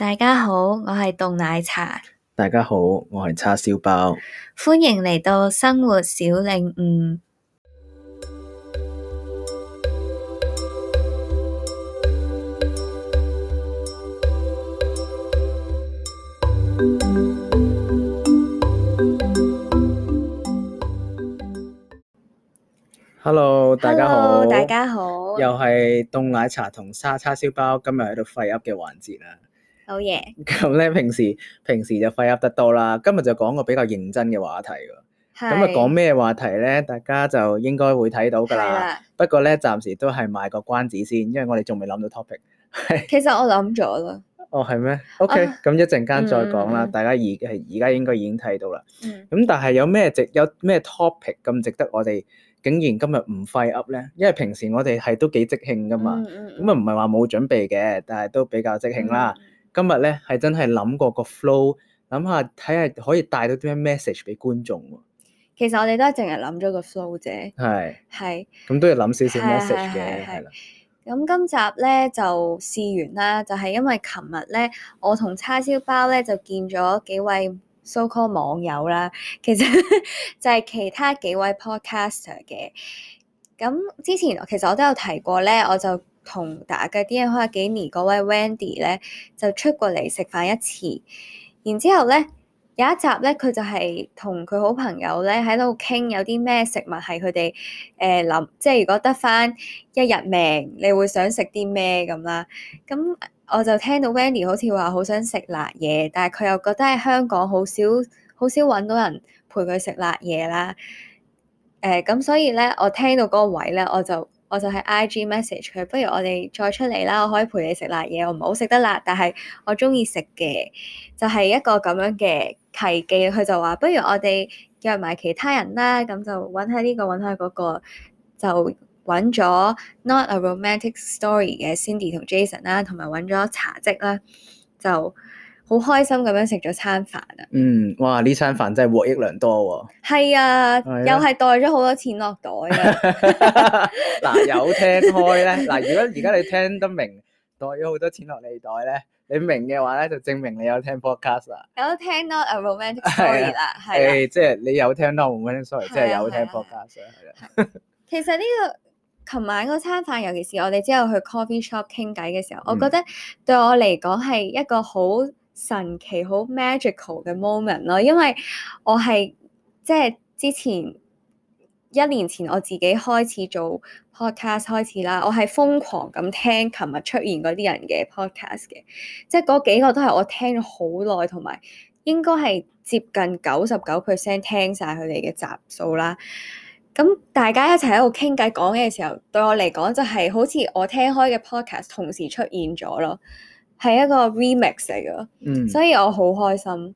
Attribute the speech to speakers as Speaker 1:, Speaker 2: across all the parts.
Speaker 1: 大家好，我係凍奶茶。
Speaker 2: 大家好，我係叉燒包。
Speaker 1: 歡迎嚟到生活小領悟。
Speaker 2: Hello，大家好，Hello, 大家
Speaker 1: 好，又
Speaker 2: 係凍奶茶同沙叉燒包。今日喺度廢噏嘅環節啦。好嘢，咁咧平時平時就廢噏得多啦，今日就講個比較認真嘅話題
Speaker 1: 喎。咁啊講咩
Speaker 2: 話題咧？大家就應該會睇到㗎啦。不過咧，暫時都係賣個關子先，因為我哋仲未諗到 topic。
Speaker 1: 其實我諗咗啦。
Speaker 2: 哦，係咩？OK，咁一陣間再講啦。大家而係而家應該已經睇到啦。咁但係有咩值有咩 topic 咁值得我哋竟然今日唔廢噏咧？因為平時我哋係都幾即興㗎嘛。咁啊唔係話冇準備嘅，但係都比較即興啦。今日咧，係真係諗過個 flow，諗下睇下可以帶到啲咩 message 俾觀眾喎。
Speaker 1: 其實我哋都係淨係諗咗個 flow 啫。係是。係
Speaker 2: 是。咁都要諗少少 message 嘅，係啦。
Speaker 1: 咁了今集咧就試完啦，就係、是，因為琴日咧，我同叉燒包咧就見咗幾位 so-called 網友啦，其實 就係其他幾位 podcaster 嘅。咁之前其實我都有提過咧，我就。同打嘅啲嘢，可能幾年嗰位 Wendy 咧就出過嚟食飯一次。然之後咧有一集咧，佢就係同佢好朋友咧喺度傾有啲咩食物係佢哋誒，諗，即係如果得翻一日命，你會想食啲咩咁啦。咁我就聽到 Wendy 好似話好想食辣嘢，但係佢又覺得喺香港好少好少揾到人陪佢食辣嘢啦。誒、呃、咁，所以咧我聽到嗰個位咧，我就。我就係 IG message 佢，不如我哋再出嚟啦，我可以陪你食辣嘢，我唔好食得辣，但係我中意食嘅，就係、是、一個咁樣嘅契機。佢就話，不如我哋約埋其他人啦，咁就揾下呢、這個，揾下嗰、那個，就揾咗 Not a Romantic Story 嘅 Cindy 同 Jason 啦，同埋揾咗茶跡啦，就。好開心咁樣食咗餐飯啊！
Speaker 2: 嗯，哇！呢餐飯真係獲益良多。係啊，
Speaker 1: 啊啊又係袋咗好多錢落袋啊！
Speaker 2: 嗱， 有聽開咧，嗱，如果而家你聽得明，袋咗好多錢落你袋咧，你明嘅話咧，就證明你有聽 podcast 啦。
Speaker 1: 有聽咯，Not a Romantic Story 啦，係即
Speaker 2: 係你有聽咯，Not a Romantic Story，即係有聽 podcast 啦，係啊 一。
Speaker 1: 其實呢個，琴晚嗰餐飯，尤其是我哋之後去 coffee shop 傾偈嘅時候，我覺得對我嚟講係一個好。神奇好 magical 嘅 moment 咯，mom ent，因為我係即係之前一年前我自己開始做 podcast 開始啦，我係瘋狂咁聽琴日出現嗰啲人嘅 podcast 嘅，即係嗰幾個都係我聽咗好耐，同埋應該係接近九十九 percent 聽晒佢哋嘅集數啦。咁大家一齊喺度傾偈講嘅時候，對我嚟講就係、是、好似我聽開嘅 podcast 同時出現咗咯。係一個 remix 嚟嘅，嗯、所以我好開心。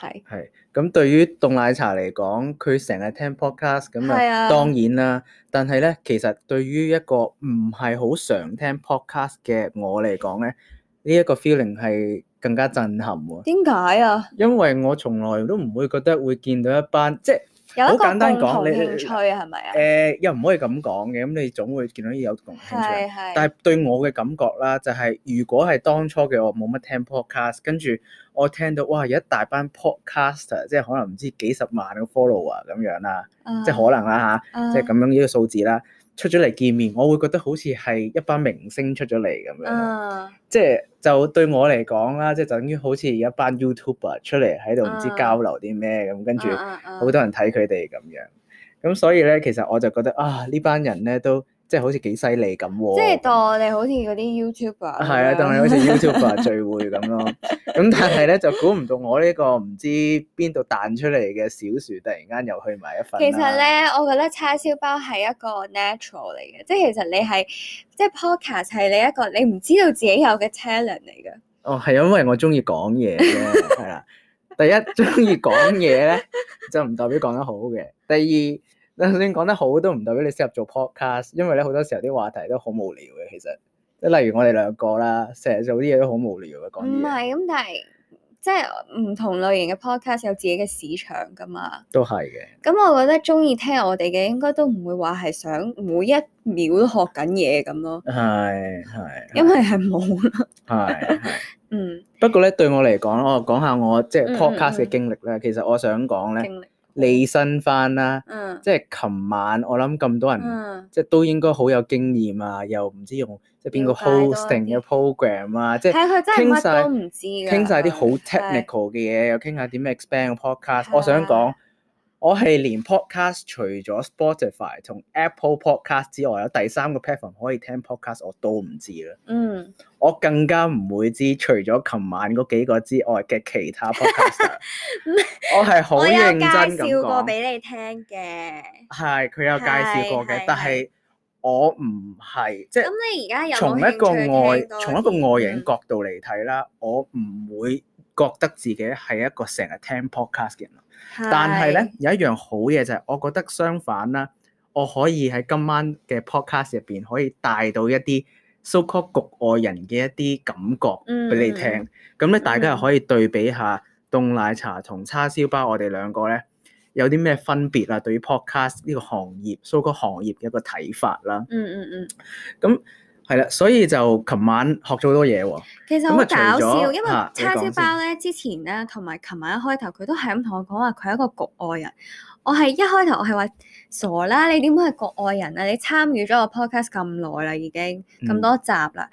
Speaker 1: 係
Speaker 2: 係咁，對於凍奶茶嚟講，佢成日聽 podcast 咁啊，當然啦。但係咧，其實對於一個唔係好常聽 podcast 嘅我嚟講咧，呢、這、一個 feeling 係更加震撼喎。點解啊？因為我從來都唔會覺得會見到一班即係。好簡單講，你興趣係咪啊？誒，又唔可以咁講嘅，咁你總會見到有共同興趣。係係。但係對我嘅感覺啦、就是，就係如果係當初嘅我冇乜聽 podcast，跟住我聽到哇，有一大班 podcaster，即係可能唔知幾十萬 follower 咁樣啦，即係可能啦嚇，即係咁樣呢個數字啦。出咗嚟見面，我會覺得好似係一班明星出咗嚟咁樣，uh, 即係就對我嚟講啦，即係等於好似一班 YouTuber 出嚟喺度唔知交流啲咩咁，uh, uh, uh, uh. 跟住好多人睇佢哋咁樣，咁所以咧，其實我就覺得啊，呢班人咧都。即係好似幾犀利咁，即係
Speaker 1: 當我哋好似嗰啲 YouTuber，係啊，當你好似 YouTuber
Speaker 2: 聚會咁咯。咁 但係咧就估唔到我呢個唔知邊度彈出嚟嘅小樹，突然間又去埋一份啊。其實咧，
Speaker 1: 我覺得叉燒包係一個 natural 嚟嘅，即係其實你係即係 podcast 係你一個你唔知道自己有嘅 talent 嚟嘅。
Speaker 2: 哦，係因為我中意講嘢咯，係啦。 第一中意講嘢咧就唔代表講得好嘅。第二。頭先講得好都唔代表你適合做 podcast，因為咧好多時候啲話題都好無聊嘅。其實，即係例如我哋兩個啦，成日做啲嘢都好無聊嘅，講
Speaker 1: 唔係，咁但係即係唔同類型嘅 podcast 有自己嘅市場噶嘛。
Speaker 2: 都係嘅。
Speaker 1: 咁、嗯、我覺得中意聽我哋嘅，應該都唔會話係想每一秒都學緊嘢咁咯。係
Speaker 2: 係。因
Speaker 1: 為係冇咯。
Speaker 2: 係。 嗯。不過咧，對我嚟講，我講下我即係、就是、podcast 嘅經歷咧，其實我想講咧。你新翻啦，嗯、即係琴晚我諗咁多人，嗯、即係都應該好有經驗啊，又唔知用即係邊個 hosting 嘅 program 啊，即係傾晒啲好 technical 嘅嘢，又傾的下點樣 expand 個 podcast 的。我想講。我係連 podcast 除咗 Spotify 同 Apple Podcast 之外，有第三個 platform 可以聽 podcast，我都唔知啦。嗯，我更加唔會知除咗琴晚嗰幾個之外嘅其他 podcast。 我係好認真咁講。我有介紹過俾
Speaker 1: 你聽嘅。
Speaker 2: 係，佢有介紹過嘅，過是是但係我唔係即係。咁你
Speaker 1: 而家有，有從一個外從一
Speaker 2: 個外人角度嚟睇啦，嗯、我唔會覺得自己係一個成日聽 podcast 嘅人。但係咧有一樣好嘢就係，是，我覺得相反啦，我可以喺今晚嘅 podcast 入邊可以帶到一啲 so-called 局外人嘅一啲感覺俾你聽，咁咧，嗯、大家又可以對比下凍奶茶同叉燒包我哋兩個咧有啲咩分別啊？對於 podcast 呢個行業，so-called 行業嘅一個睇法啦。嗯嗯嗯，咁，嗯。係啦，所以就琴晚學咗好多嘢喎。其實好搞笑，因為叉燒包
Speaker 1: 咧，之前咧同埋琴晚一開頭，佢都係咁同我講話，佢係一個局外人。我係一開頭，我係話傻啦，你點會係局外人啊？你參與咗我 podcast 咁耐啦，已經咁多集啦，嗯、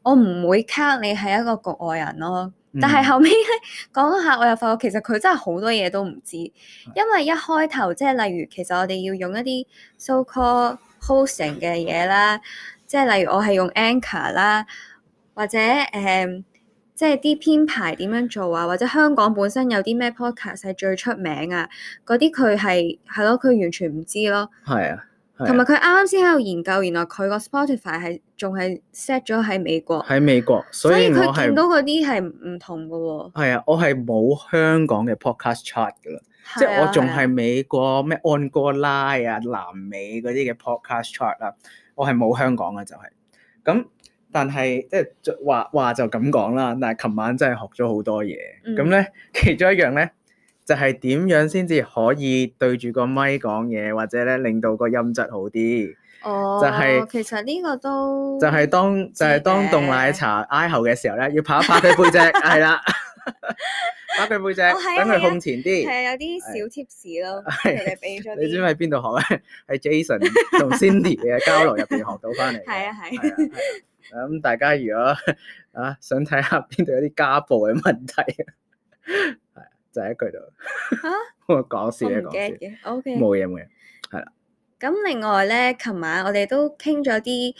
Speaker 1: 我唔會 count 你係一個局外人咯。但係後尾咧講下，我又發覺其實佢真係好多嘢都唔知，因為一開頭即係例如，其實我哋要用一啲 so called hosting 嘅嘢啦。即係例如我係用 Anchor 啦，或者誒、嗯，即係啲編排點樣做啊，或者香港本身有啲咩 podcast 係最出名啊？嗰啲佢係係咯，佢完全唔知咯。
Speaker 2: 係啊，同埋佢
Speaker 1: 啱啱先喺度研究，原來佢個 Spotify 係仲係 set 咗喺美國。
Speaker 2: 喺美國，所以佢見到
Speaker 1: 嗰啲係唔同㗎喎。
Speaker 2: 係啊，我係冇香港嘅 podcast chart 噶啦，即
Speaker 1: 係我仲係
Speaker 2: 美國咩安哥拉啊、南美嗰啲嘅 podcast chart 啊。我係冇香港嘅，就係、是、咁，但係即係話話就咁講啦。但係琴晚真係學咗好多嘢，咁咧、嗯、其中一樣咧就係、是、點樣先至可以對住個咪講嘢，或者咧令到個音質好啲。哦，
Speaker 1: 就係、是、其實呢個都就係
Speaker 2: 當就係、是、當凍奶茶挨喉嘅時候咧，要拍一拍佢背脊係啦。 對了 打佢背脊，等佢向前啲。係啊，
Speaker 1: 有啲小 t 士 p 咯，佢俾咗。你，你知唔知喺
Speaker 2: 邊度學咧？喺 Jason 同 Cindy 嘅交流入邊學到翻嚟。
Speaker 1: 係啊 ，
Speaker 2: 係。咁、嗯、大家如果啊想睇下邊度有啲家暴嘅問題，係 就一句到吓，我講、okay、事咧，
Speaker 1: 講冇嘢
Speaker 2: 冇嘢，係啦。
Speaker 1: 咁另外咧，琴晚我哋都傾咗啲。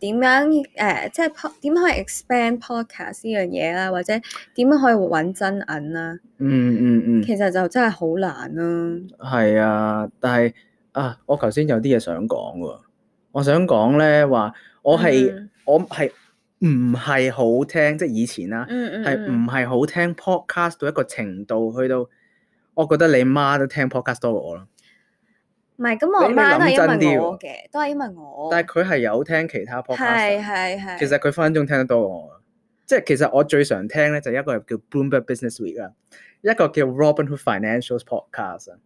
Speaker 1: 點樣誒、呃，即係點可以 expand podcast 呢樣嘢啦，或者點樣可以揾真銀啦、啊
Speaker 2: 嗯？嗯嗯嗯，其
Speaker 1: 實就真係好難啦、
Speaker 2: 啊。係啊，但係啊，我頭先有啲嘢想講喎。我想講咧，話我係我係唔係好聽，嗯、即係以前啦、啊，係唔係好聽 podcast 到一個程度，去到我覺得你媽都聽 podcast 多過我啦。
Speaker 1: 唔係咁，我啱係因為我嘅，都係因為我。
Speaker 2: 但係佢係有聽其他 podcast。係係係。其實佢分分鐘聽得多我，即係其實我最常聽咧就一個叫 Bloomberg Business Week 啦，一個叫 Robinhood Financial podcast 啊，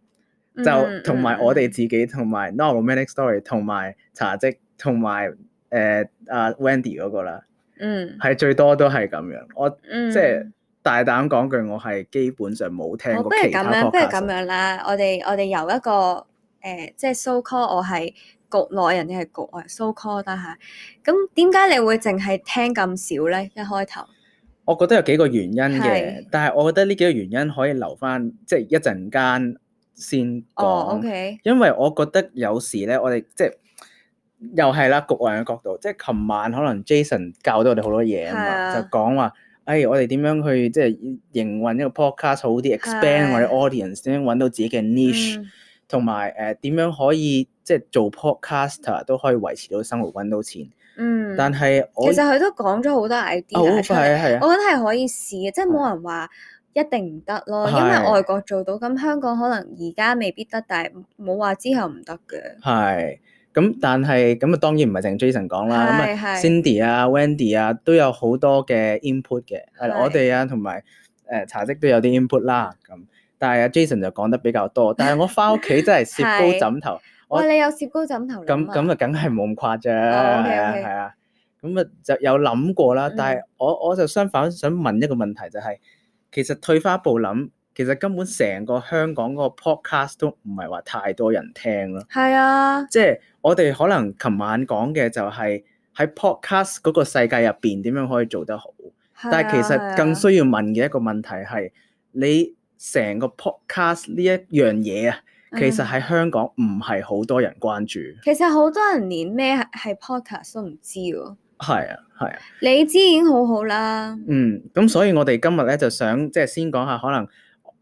Speaker 2: 就同埋我哋自己同埋 Normal Manic Story 同埋查職同埋誒啊 Wendy 嗰個啦。嗯。係最多都係咁樣，我、嗯、即係大膽講句，我係基本上冇聽過其他 podcast。不如咁
Speaker 1: 樣啦，我哋我哋由一個。誒，即係 so call 我係局內人定係局外 so call 啦嚇。咁點解你會淨係聽咁少咧？一開頭，
Speaker 2: 我覺得有幾個原因嘅，的但係我覺得呢幾個原因可以留翻，即係一陣間先講。Oh, okay. 因為我覺得有時咧，我哋即係又係啦，局外人嘅角度，即係琴晚可能 Jason 教咗我哋好多嘢啊嘛，的就講話，誒、哎，我哋點樣去即係營運個 cast，一個 podcast 好啲，expand 或者 audience，點樣揾到自己嘅 niche。 同埋誒，點樣可以即係做 Podcaster 都可以維持到生活搵到錢，
Speaker 1: 嗯，但
Speaker 2: 係其實佢
Speaker 1: 都講咗好多 idea，、哦、我覺得係可以試嘅，即係冇人話一定唔得咯，是因為外國做到咁香港可能而家未必得，但係冇話之後唔得嘅。
Speaker 2: 係，咁、嗯、但係咁啊當然唔係淨 Jason 講啦，咁啊 Cindy 啊 Wendy 啊都有好多嘅 input 嘅，係我哋啊同埋誒查職都有啲 input 啦咁。係阿 Jason 就講得比較多，但係我翻屋企真係攝高枕頭。哇 是我！你
Speaker 1: 有攝高枕頭。咁咁、oh,
Speaker 2: okay , okay. 啊，梗係冇咁誇張。係啊，係啊。咁啊，就有諗過啦。但係我我就相反想問一個問題、就是，就係、嗯、其實退返步諗，其實根本成個香港個 podcast 都唔係話太多人聽咯。
Speaker 1: 係啊。
Speaker 2: 即係我哋可能琴晚講嘅就係喺 podcast 嗰個世界入邊點樣可以做得好，啊、但係其實更需要問嘅一個問題係你。成個 podcast 呢一樣嘢啊，其實喺香港唔係好多人關注、嗯。
Speaker 1: 其實好多人連咩係 podcast 都唔知喎。
Speaker 2: 係啊，係啊。
Speaker 1: 你知已經好好啦。
Speaker 2: 嗯，咁所以我哋今日咧就想即係、就是、先講下可能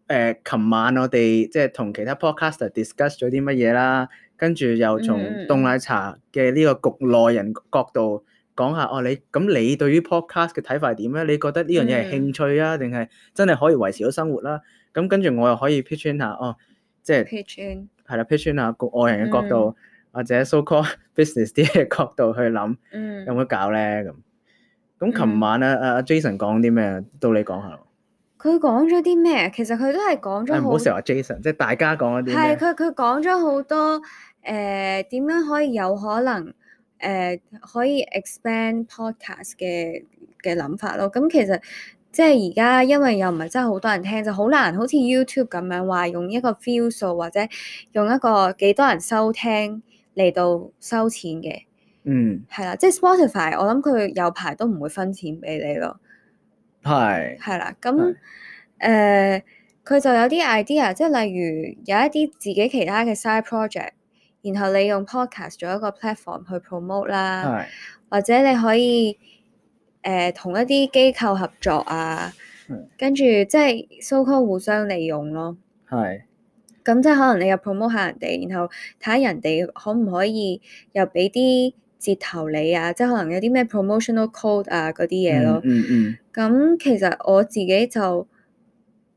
Speaker 2: 誒，琴、呃、晚我哋即係同其他 podcaster discuss 咗啲乜嘢啦，跟住又從凍奶茶嘅呢個局內人角度講下。嗯、哦，你咁你對於 podcast 嘅睇法係點咧？你覺得呢樣嘢係興趣啊，定係、嗯、真係可以維持到生活啦、啊？咁跟住我又可以 pitch in 下哦，即、就、係、是、pitch in 係啦，pitch in 下外人嘅角度、mm. 或者 so called business 啲嘅角度去諗，mm. 有冇搞教咧咁？咁琴晚啊、mm. 啊 Jason 講啲咩，到你講下。
Speaker 1: 佢講咗啲咩？其實佢都係講咗唔好成
Speaker 2: 日話 Jason，即係大家講一啲。係，佢
Speaker 1: 佢講咗好多誒點、呃、樣可以有可能誒、呃、可以 expand podcast 嘅嘅諗法咯。咁、嗯、其實。即係而家，因為又唔係真係好多人聽，就好難。好似 YouTube 咁樣，話用一個 Views 或者用一個幾多人收聽嚟到收錢嘅。嗯，係啦。即係 Spotify，我諗佢有排都唔會分錢俾你咯。
Speaker 2: 係是。
Speaker 1: 係啦，咁誒，佢的、呃、就有啲 idea，即係例如有一啲自己其他嘅 side project，然後你用 podcast 做一個 platform 去 promote 啦的，或者你可以，誒同一啲機構合作啊，跟住即係 so call 互相利用咯。係是，咁即係可能你又 promote 下人哋，然後睇下人哋可唔可以又俾啲折頭你啊，即係可能有啲咩 promotional code 啊嗰啲嘢咯。嗯嗯。咁其實我自己就。嗯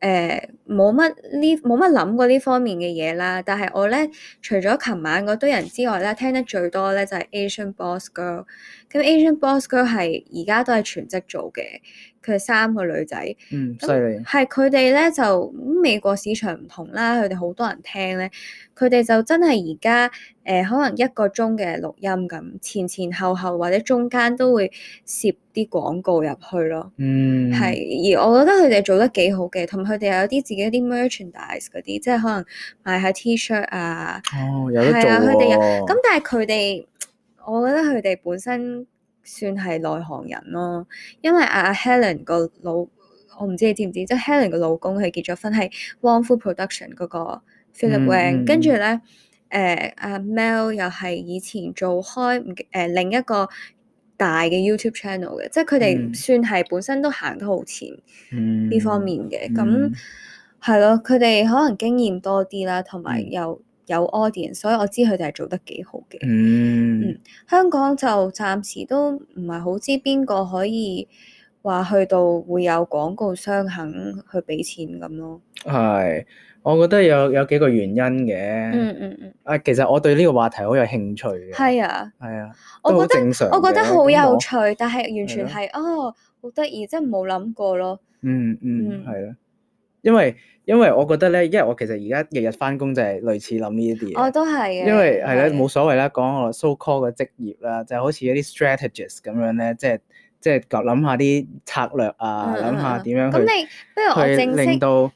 Speaker 1: 誒冇乜呢冇乜諗過呢方面嘅嘢啦，但係我咧除咗琴晚嗰堆人之外咧，聽得最多咧就係 Asian Boss Girl。咁 Asian Boss Girl 係而家都係全職做嘅。佢三個女仔，犀利、嗯。係佢哋咧就美國市場唔同啦，佢哋好多人聽咧，佢哋就真係而家誒可能一個鐘嘅錄音咁，前前後後或者中間都會攝啲廣告入去咯。嗯，係。而我覺得佢哋做得幾好嘅，同埋佢哋有啲自己啲 merchandise 嗰啲，即係可能賣下 T-shirt 啊。哦，
Speaker 2: 有得做、哦、啊，佢哋有。咁
Speaker 1: 但係佢哋，我覺得佢哋本身。算係內行人咯，因為阿、啊、Helen 個老，我唔知你知唔知，即、就、係、是、Helen 個老公佢結咗婚係 Wong Fu Production 嗰個
Speaker 2: Philip Wang、嗯、跟住咧，
Speaker 1: 誒、呃、阿、啊、Mel 又係以前做開誒、呃、另一個大嘅 YouTube channel 嘅，即係佢哋算係本身都行得好前呢方面嘅，咁係咯，佢哋可能經驗多啲啦，同埋又……嗯有 audience，所以我知佢哋係做得幾好嘅。嗯，嗯，香港就暫時都唔係好知邊個可以話去到會有廣告商肯去俾錢咁咯。
Speaker 2: 係，我覺得有有幾個原因嘅、嗯。嗯嗯嗯。啊，其實我對呢個話題好有興趣嘅。係啊。係啊。都正常嘅。我覺得好有趣，
Speaker 1: 但係完全係哦，好得意，真冇諗過咯。
Speaker 2: 嗯嗯，係咯、啊。因為因為我覺得咧，因為我其實而家日日翻工就係類似諗呢一啲嘢。我
Speaker 1: 都係啊，因為
Speaker 2: 係咧、啊，冇所，所謂啦，講我 so call 嘅職業啦，就好似一啲 strategist 咁樣咧，即係即係諗下啲策略啊，諗下點樣去，去令到，你不如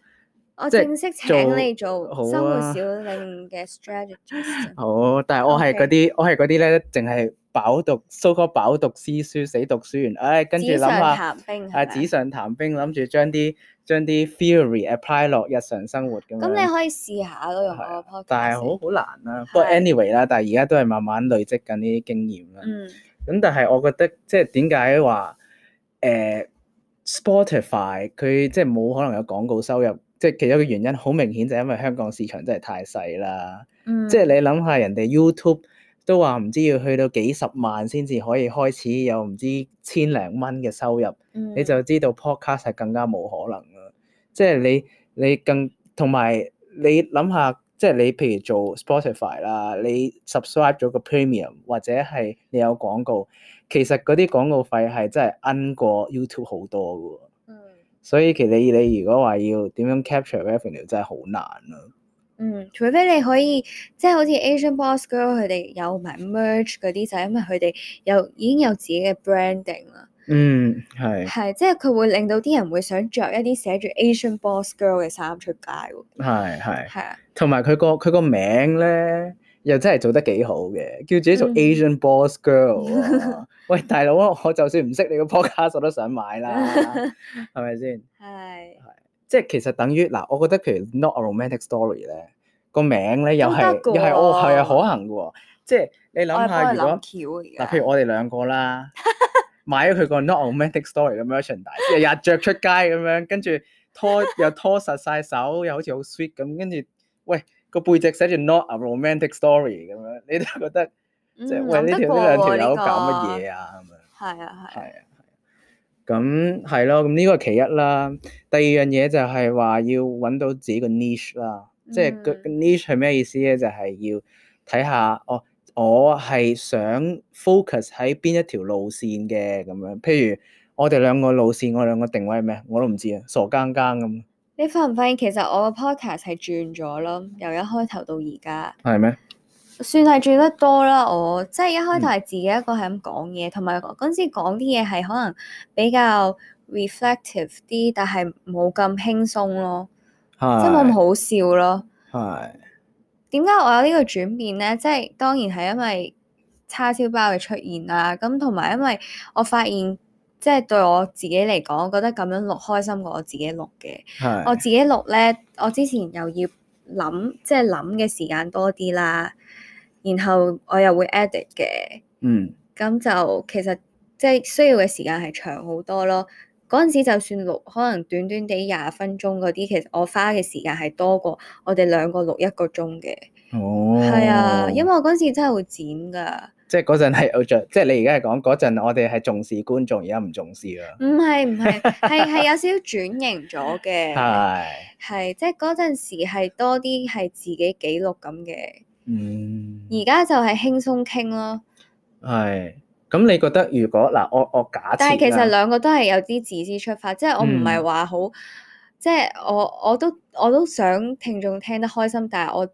Speaker 2: 我正式請你做生活
Speaker 1: 小令
Speaker 2: 嘅 strategist。好，啊、 好，但係我係嗰啲，Okay. 我係嗰啲咧，淨係飽讀 so call 飽讀詩書，死讀書完，唉，跟住諗下是是啊，紙上談兵，諗住將啲。將啲 theory apply 落日常生活咁，咁你可
Speaker 1: 以試下嗰個，
Speaker 2: 但係好好難啊，不過 But anyway 啦的，但係而家都係慢慢累積緊呢啲經驗啦。咁、嗯、但係我覺得即係點解話誒 Spotify 佢即係冇可能有廣告收入，即係其中嘅原因好明顯就係因為香港市場真係太細啦。嗯、即係你諗下人哋 YouTube。都話唔知要去到幾十萬先至可以開始有唔知千零蚊嘅收入，mm. 你就知道 podcast 係更加冇可能咯。即係你你更同埋你諗下，即係你譬如做 Spotify 啦，你 subscribe 咗個 premium 或者係你有廣告，其實嗰啲廣告費係真係奀過 YouTube 好多嘅。所以其實你，你如果話要點樣 capture revenue 真係好難咯。
Speaker 1: 嗯，除非你可以即係好似 Asian Boss Girl 佢哋有埋 merge 嗰啲，就係、是、因為佢哋有已經有自己嘅 branding 啦。嗯，
Speaker 2: 係。
Speaker 1: 係，即係佢會令到啲人會想着一啲寫住 Asian Boss Girl 嘅衫出街喎。係
Speaker 2: 係。係啊，同埋佢個佢個名咧，又真係做得幾好嘅，叫自己做 Asian、嗯、Boss Girl、哦。 喂，大佬，我就算唔識你個 Podcast，我都想買啦，係咪先？係。即係其實等於嗱、呃，我覺得其實 Not a Romantic Story 咧個名咧又係又係，哦，係啊，可行嘅喎。即係你諗下如果嗱，譬如我哋兩個啦， 買咗佢個 Not a Romantic Story 嘅 merchandise 大，日日着出街咁樣，跟住拖又拖實晒手，又好似好 sweet 咁，跟住喂，個背脊寫住 Not a Romantic Story 咁樣，你都覺得
Speaker 1: 即係、嗯嗯、喂呢條呢兩條友搞乜嘢啊咁樣？係啊係啊。
Speaker 2: 咁係咯，咁呢、這個係其一啦。第二樣嘢就係話要揾到自己個 niche 啦，嗯、即係個 niche 係咩意思咧？就係、是、要睇下哦，我係想 focus 喺邊一條路線嘅咁樣。譬如我哋兩個路線，我兩個定位咩？我都唔知啊，傻更更咁。
Speaker 1: 你發唔發現其實我個 podcast 係轉咗咯？由一開頭到而家係咩？算係轉得多啦，我即係一開頭係自己一個係咁講嘢，同埋嗰陣時講啲嘢係可能比較 reflective 啲，但係冇咁輕鬆咯，是
Speaker 2: 即係冇咁好笑咯。係
Speaker 1: 點解我有呢個轉變咧？即係當然係因為叉燒包嘅出現啦、啊，咁同埋因為我發現即係、就是、對我自己嚟講，我覺得咁樣錄開心過我自己錄嘅。係是我自己錄咧，我之前又要諗，即係諗嘅時間多啲啦。然後我又會 edit 嘅，
Speaker 2: 嗯，
Speaker 1: 咁就其實即係需要嘅時間係長好多咯。嗰陣時就算錄可能短短地廿分鐘嗰啲，其實我花嘅時間係多過我哋兩個錄一個鐘嘅。
Speaker 2: 哦，係啊，因
Speaker 1: 為我嗰陣時真係會剪㗎、哦。即
Speaker 2: 係嗰陣係有著，即係你而家係講嗰陣我哋係重視觀眾，而家唔重視
Speaker 1: 啊。唔係唔係，係係 有少少轉型咗嘅。係係、哎，即係嗰陣時係多啲係自己記錄咁嘅。嗯，而家就係輕鬆傾咯。
Speaker 2: 係，咁你覺得如果嗱、啊，我我假設，但係其實兩
Speaker 1: 個都係有啲自私出發，就是嗯、即係我唔係話好，即係我我都我都想聽眾聽得開心，但係我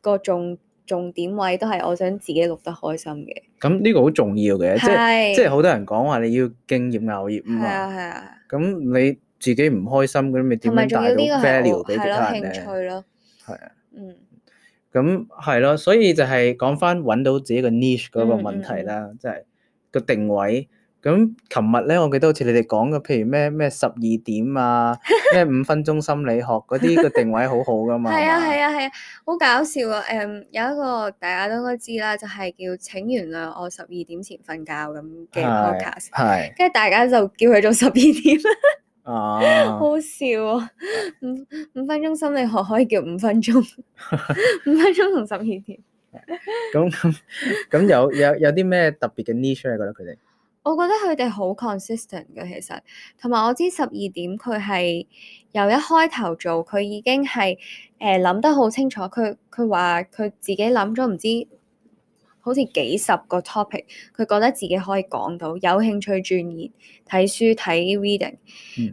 Speaker 1: 個重重點位都係我想自己錄得開心嘅。
Speaker 2: 咁呢個好重要嘅，即係是即係好多人講話你要敬業樂業啊嘛。係啊係啊。咁、啊、你自己唔開心咁，咪點樣帶到 value 俾其他人咧？係啊，啊嗯。咁係咯，所以就係講翻揾到自己個 niche 嗰個問題啦，即係個定位。咁琴日咧，我記得好似你哋講嘅，譬如咩咩十二點啊，咩五分鐘心理學嗰啲個定位好好噶嘛。係啊
Speaker 1: 係啊係啊，好搞笑啊！誒，有一個大家都應該知啦，就係叫請原諒我十二點前瞓覺咁嘅 podcast，跟住大家就叫佢做十二點。哦， 好笑啊！五五分鐘心理學可以叫五分鐘， 五 分鐘同十二點
Speaker 2: 咁咁有有有啲咩特別嘅 needs 係覺得佢哋，
Speaker 1: 我覺得佢哋好 consistent 嘅。其實同埋我知十二點佢係由一開頭做，佢已經係誒諗得好清楚。佢佢話佢自己諗咗唔知。好似幾十個 topic，佢覺得自己可以講到有興趣轉移睇書睇 reading，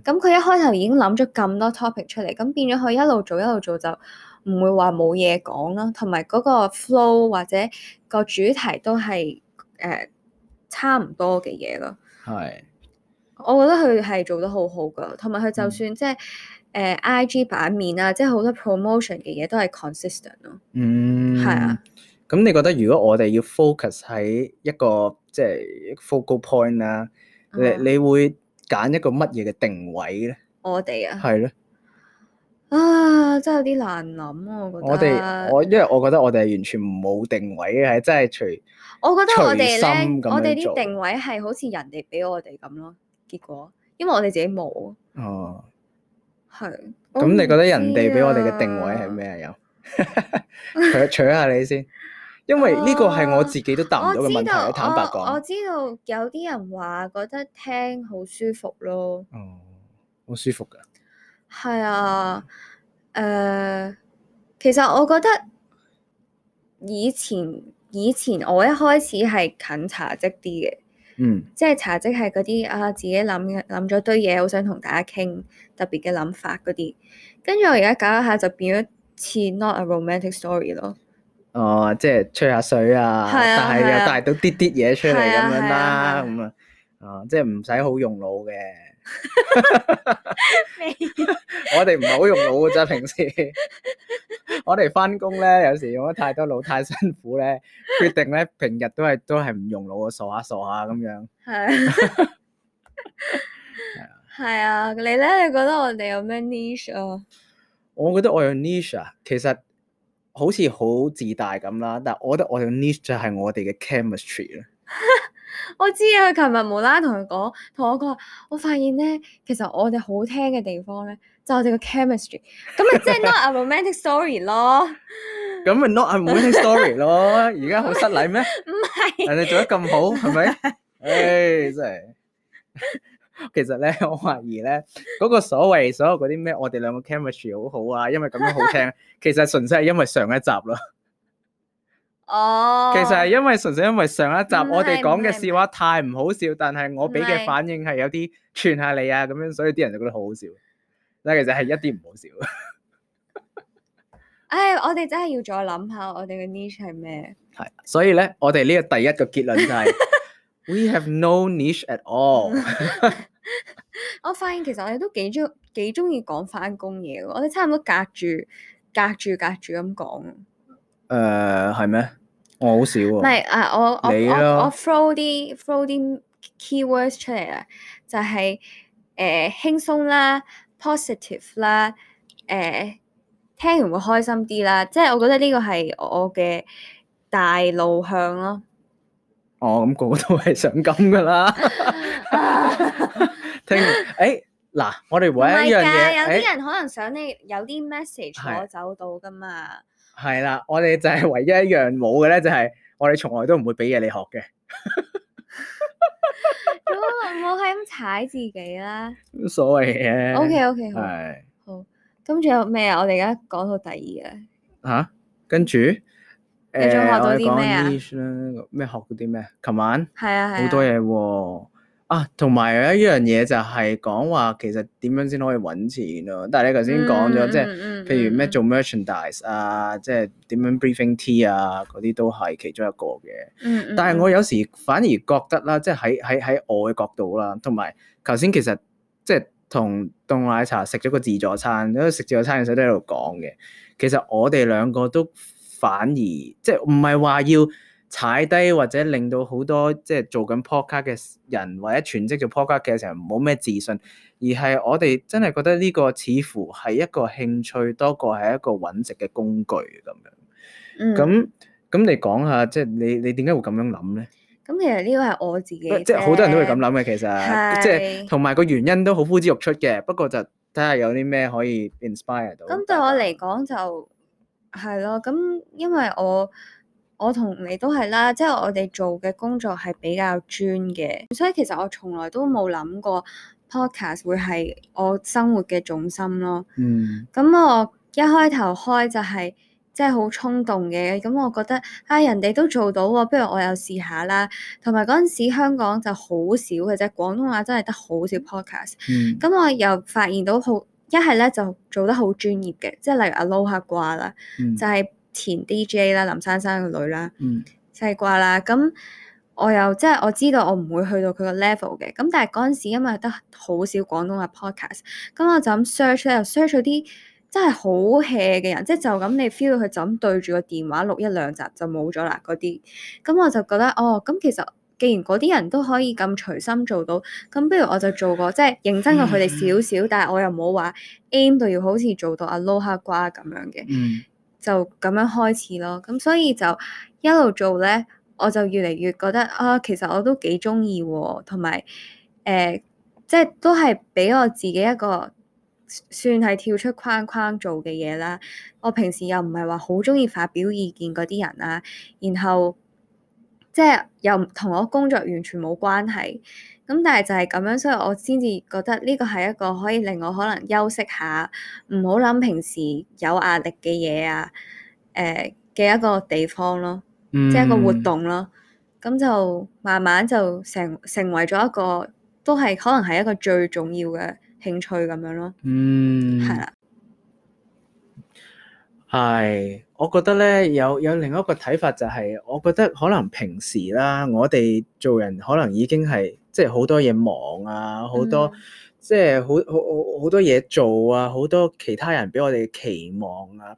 Speaker 1: 咁佢、嗯、一開頭已經諗咗咁多 topic 出嚟，咁變咗佢一路做一路做就唔會話冇嘢講啦，同埋嗰個 flow 或者個主題都係誒、呃、差唔多嘅嘢咯。
Speaker 2: 係是，
Speaker 1: 我覺得佢係做得好好噶，同埋佢就算即係誒 IG 版面啊，即係好多 promotion 嘅嘢都係 consistent 咯。嗯，
Speaker 2: 係啊。咁你覺得如果我哋要 focus 喺一個即係、就是、focal point 啦、
Speaker 1: 啊，你你
Speaker 2: 會揀一個乜嘢嘅定位咧？
Speaker 1: 我哋啊？係咯呢，啊真係有啲難諗啊！我覺得我
Speaker 2: 我因為我覺得我哋係完全冇定位嘅，係真係隨
Speaker 1: 我覺得我哋咧，心我哋啲定位係好似人哋俾我哋咁咯，結果因為我哋自己冇哦，係、啊。咁你覺得人哋俾我哋嘅定位係
Speaker 2: 咩啊？又搶搶下你先。因為呢個係我自己都答唔到嘅問題，我坦白講。我
Speaker 1: 知道有啲人話覺得聽好舒服咯，
Speaker 2: 哦，好舒服嘅
Speaker 1: 係啊。誒、呃，其實我覺得以前以前我一開始係近茶迹啲嘅，嗯，即係茶迹係嗰啲啊，自己諗諗咗堆嘢，好想同大家傾特別嘅諗法嗰啲。跟住我而家搞一下就變咗似 not a romantic story
Speaker 2: 咯。哦，即係吹下水啊！但係又帶到啲啲嘢出嚟咁樣啦，咁啊，哦、啊啊嗯，即係唔使好用腦嘅。 我哋唔係好用腦嘅啫，平時我哋返工咧，有時用得太多腦，太辛苦咧，決定咧平日都係都係唔用腦嘅，傻下傻下咁樣。
Speaker 1: 係、 啊。係啊，你咧？你覺得我哋有咩 niche 啊？
Speaker 2: 我覺得我有 niche 啊，其實。好似好自大咁啦，但係我覺得我嘅 niche 就係我哋嘅 chemistry 啦。
Speaker 1: 我知啊，佢琴日無啦同佢講，同我講，我發現咧，其實我哋好聽嘅地方咧，就係我哋嘅 chemistry。咁咪即係 not a romantic story 咯。
Speaker 2: 咁咪 not a romantic story 咯？而家好失禮咩？唔係，人哋做得咁好，係咪？唉，真係。其實咧，我懷疑咧，嗰、嗰個所謂所有嗰啲咩，我哋兩個 chemistry 好好啊，因為咁樣好聽。其實純粹係因為上一集咯。哦。Oh, 其實係因為純粹因為上一集，我哋講嘅笑話太唔好笑，是但係我俾嘅反應係有啲串是下你啊，咁樣，所以啲人就覺得好好笑。但其實係一啲唔好笑。
Speaker 1: 唉， 我哋真係要再諗下，我哋嘅 niche 係咩？
Speaker 2: 係。所以咧，我哋呢個第一個結論就係，We have no niche at all。
Speaker 1: 我發現其實我哋都幾中幾中意講翻工嘢，我哋差唔多隔住隔住隔住咁講。
Speaker 2: 誒，係咩？我好少唔係
Speaker 1: 誒，我我我 throw 啲 throw 啲 keywords 出嚟啦，就係誒輕鬆啦，positive 啦，誒、呃、聽完會開心啲啦。即係我覺得呢個係我嘅大路向咯。
Speaker 2: 哦，咁、那個個都係想咁噶啦， 聽，誒、欸、嗱，我哋唯一一樣嘢，欸、有啲人
Speaker 1: 可能想你有啲 message 我走到噶嘛。
Speaker 2: 係啦，我哋就係唯一一樣冇嘅咧，就係、是、我哋從來都唔會俾嘢你學嘅。
Speaker 1: 咁唔好係咁踩自己啦、啊。
Speaker 2: 所謂嘅、啊。OK OK，好。係。好。
Speaker 1: 咁仲有咩啊？我哋而家講到第二啦。嚇、
Speaker 2: 啊！跟住。誒，我哋講啲咩咩學嗰啲咩？琴 晚係啊好多嘢喎啊！同埋、啊啊啊、有一樣嘢就係講話，其實點樣先可以搵錢咯、啊？但係你頭先講咗，嗯、即係譬如咩做 merchandise 啊，即係點樣 briefing tea 啊，嗰啲都係其中一個嘅。嗯嗯、但係我有時反而覺得啦，即係喺喺喺我嘅角度啦，同埋頭先其實即係同凍奶茶食咗個自助餐，因食自助餐嘅時候都喺度講嘅。其實我哋兩個都。反而即係唔係話要踩低或者令到好多即係做緊 podcast 嘅人或者全職做 podcast 嘅時候冇咩自信，而係我哋真係覺得呢個似乎係一個興趣多過係一個搵食嘅工具咁樣。嗯，咁咁你講下，即係你你點解會咁樣諗咧？
Speaker 1: 咁、嗯、其實呢個係我
Speaker 2: 自己，即係好多人都會咁諗嘅。其實是即係同埋個原因都好呼之欲出嘅。不過就睇下有啲咩可以 inspire 到。咁
Speaker 1: 對、嗯、我嚟講就。係咯，咁因為我我同你都係啦，即係我哋做嘅工作係比較專嘅，所以其實我從來都冇諗過 podcast 會係我生活嘅重心咯。嗯，咁我一開頭開就係即係好衝動嘅，咁我覺得啊、哎，人哋都做到喎，不如我又試下啦。同埋嗰陣時香港就好少嘅啫，廣東話真係得好少 podcast。嗯，咁我又發現到好。一係咧就做得好專業嘅，即係例如阿 Low 下瓜啦，mm. 就係前 DJ 啦，林珊珊個女啦，西瓜、mm. 啦。咁我又即係我知道我唔會去到佢個 level 嘅。咁但係嗰陣時因為得好少廣東嘅 podcast，咁我就咁 search 咧，又 search 咗啲真係好 hea 嘅人，即係就咁你 feel 到佢就咁對住個電話錄一兩集就冇咗啦嗰啲。咁我就覺得哦，咁其實。既然嗰啲人都可以咁隨心做到，咁不如我就做過，即係認真過佢哋少少，嗯、但係我又冇話 aim 到要好似做到阿 Lo 哈瓜咁樣嘅，嗯、就咁樣開始咯。咁所以就一路做咧，我就越嚟越覺得啊，其實我都幾中意喎，同埋誒，即係都係俾我自己一個算係跳出框框做嘅嘢啦。我平時又唔係話好中意發表意見嗰啲人啊，然後。即係又同我工作完全冇關係，咁但係就係咁樣，所以我先至覺得呢個係一個可以令我可能休息下，唔好諗平時有壓力嘅嘢啊，誒、呃、嘅一個地方咯，即係一個活動咯，咁、嗯、就慢慢就成成為咗一個，都係可能係一個最重要嘅興趣咁樣咯，嗯，
Speaker 2: 係啦的，係、哎。我覺得咧，有有另一個睇法就係、是，我覺得可能平時啦，我哋做人可能已經係即係好多嘢忙啊，多嗯、好，好，好多即係好好好多嘢做啊，好多其他人俾我哋期望啊，呢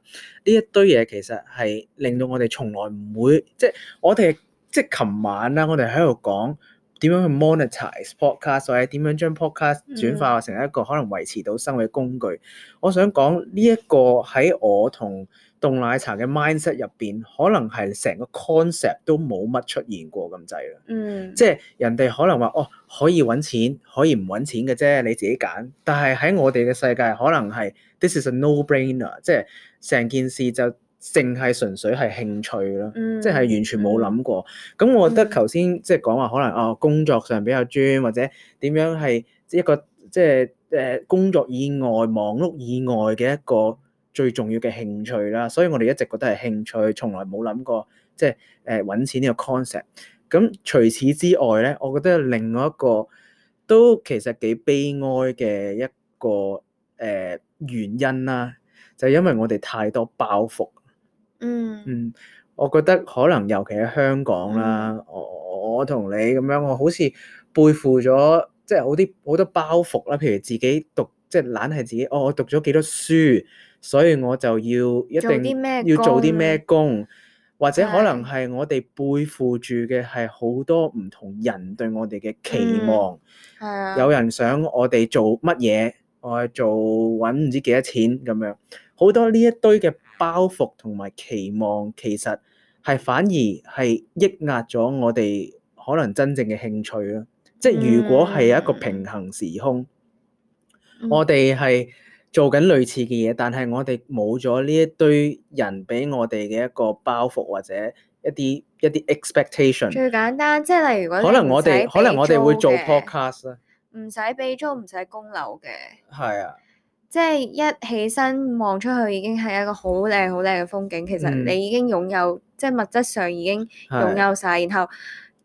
Speaker 2: 一堆嘢其實係令到我哋從來唔會即係我哋即係琴晚啦、啊，我哋喺度講點樣去 monetize podcast，或者點樣將 podcast 轉化成一個、嗯、可能維持到生活嘅工具。我想講呢一個喺我同凍奶茶嘅 mindset 入邊，可能係成個 concept 都冇乜出現過咁滯啦。嗯，即係人哋可能話哦，可以揾錢，可以唔揾錢嘅啫，你自己揀。但係喺我哋嘅世界，可能係 this is a no-brainer，即係成件事就淨係純粹係興趣咯。即係、嗯、完全冇諗過。咁、嗯嗯、我覺得頭先即係講話可能哦，工作上比較專，或者點樣係一個即係誒工作以外、忙碌以外嘅一個。最重要嘅興趣啦，所以我哋一直覺得係興趣，從來冇諗過即係誒揾錢呢個 concept。咁除此之外咧，我覺得另外一個都其實幾悲哀嘅一個誒、欸、原因啦，就係、因為我哋太多包袱。嗯嗯，我覺得可能尤其喺香港啦，嗯、我我同你咁樣，我好似背負咗即係我啲好多包袱啦。譬如自己讀即係、就係、懶係自己，哦，我讀咗幾多書。所以我就要一定做要做啲咩工，或者可能係我哋背負住嘅係好多唔同人對我哋嘅期望。係啊、嗯，有人想我哋做乜嘢，我去做揾唔知幾多錢，咁樣。好多呢一堆嘅包袱同埋期望，其實係反而係抑壓咗我哋可能真正嘅興趣啊！嗯、即係如果係一個平衡時空，嗯、我哋係。做緊類似嘅嘢，但係我哋冇咗呢一堆人俾我哋嘅一個包袱或者一啲一啲 expectation。最
Speaker 1: 簡單，即係例如，如可能我哋可能我哋會做
Speaker 2: podcast，
Speaker 1: 唔使俾租，唔使供樓嘅。係啊，即係一起身望出去已經係一個好靚好靚嘅風景，其實你已經擁有，嗯、即係物質上已經擁有晒，啊、然後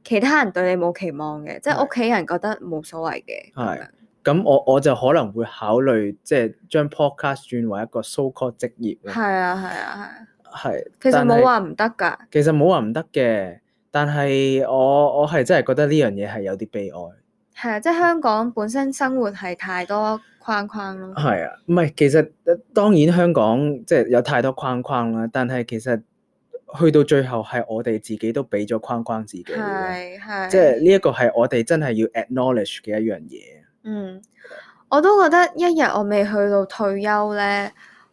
Speaker 1: 其他人對你冇期望嘅，即係屋企人覺得冇所謂嘅。
Speaker 2: 係。咁我我就可能會考慮，即係將 podcast 轉為一個 so called，係啊，職業嘅。係啊，係啊，係。係。其實冇話唔得㗎。其實冇話唔得嘅，但係我我係真係覺得呢樣嘢係有啲悲哀。
Speaker 1: 係啊，即係香港本身生活係太多框框咯。
Speaker 2: 係啊，唔係其實當然香港即係有太多框框啦，但係其實去到最後係我哋自己都俾咗框框自己嘅，即係呢一個係我哋真係要 acknowledge 嘅一樣嘢。
Speaker 1: 嗯，我都覺得一日我未去到退休咧，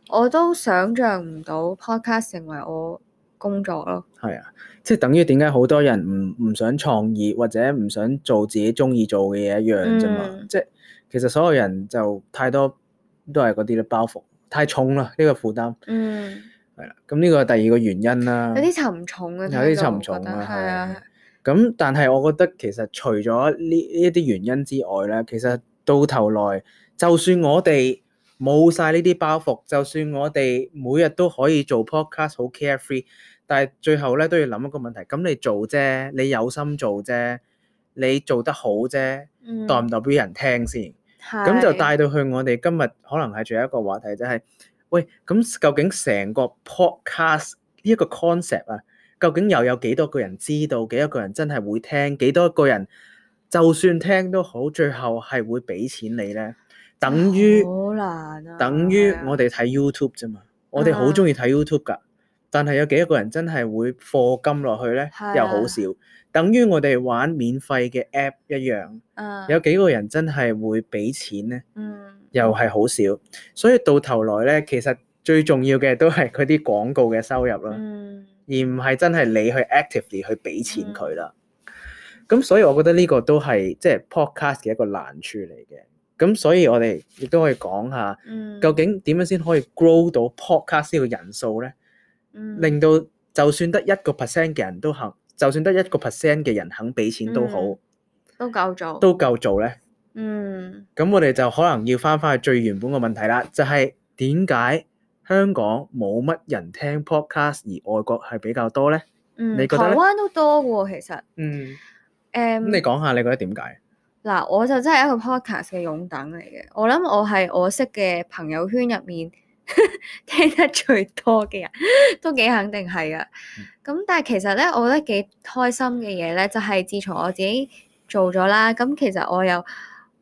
Speaker 1: 我都想象唔到 podcast 成為我工作
Speaker 2: 咯。係啊，即係等於點解好多人唔唔想創業或者唔想做自己中意做嘅嘢一樣啫嘛。嗯、即係其實所有人就太多都係嗰啲咧包袱太重啦，呢、呢個負擔。嗯。係啦、啊，咁呢個係第二個原因啦。有啲沉，
Speaker 1: 沉重啊。有啲沉重啊，係啊。
Speaker 2: 咁，但係我覺得其實除咗呢呢一啲原因之外咧，其實到頭來，就算我哋冇曬呢啲包袱，就算我哋每日都可以做 podcast 好 carefree，但係最後咧都要諗一個問題，咁你做啫，你有心做啫，你做得好啫，代唔代表人聽先？
Speaker 1: 咁就帶到
Speaker 2: 去我哋今日可能係最後一個話題，就係喂，咁究竟成個 podcast 呢一個 concept 啊？究竟又有幾多個人知道？幾多個人真係會聽？幾多個人就算聽都好，最後係會俾錢你呢？等於
Speaker 1: 好難啊！等
Speaker 2: 於我哋睇 YouTube 啫嘛，啊、我哋好中意睇 YouTube 噶，但係有幾多個人真係會課金落去呢？又好少，等於我哋玩免費嘅 App 一樣，有幾個人真係會俾錢呢？嗯、又係好少，所以到頭來呢，其實最重要嘅都係佢啲廣告嘅收入啦。嗯而唔係真係你去 actively 去俾錢佢啦，咁、嗯、所以我覺得呢個都係即係、就是、podcast 嘅一個難處嚟嘅。咁所以我哋亦都可以講下，嗯、究竟點樣先可以 grow 到 podcast 呢個人數咧？嗯、令到就算得一個 percent 嘅人都肯，就算得一個 percent 嘅人肯俾錢都好、嗯，
Speaker 1: 都夠做，都夠做咧。嗯。
Speaker 2: 咁我哋就可能要返返去最原本個問題啦，就係點解？香港冇乜人聽 podcast，而外國係比較多咧。嗯、你覺得？台灣
Speaker 1: 都多嘅，其實。嗯。誒，um, 你
Speaker 2: 講下你覺得點解？
Speaker 1: 嗱，我就真係一個 podcast 嘅擁躉嚟嘅。我諗我係我識嘅朋友圈入面 聽得最多嘅人，都幾肯定係噶。咁、嗯、但係其實呢，我覺得幾開心嘅嘢呢，就係、是、自從我自己做咗啦，咁其實我又。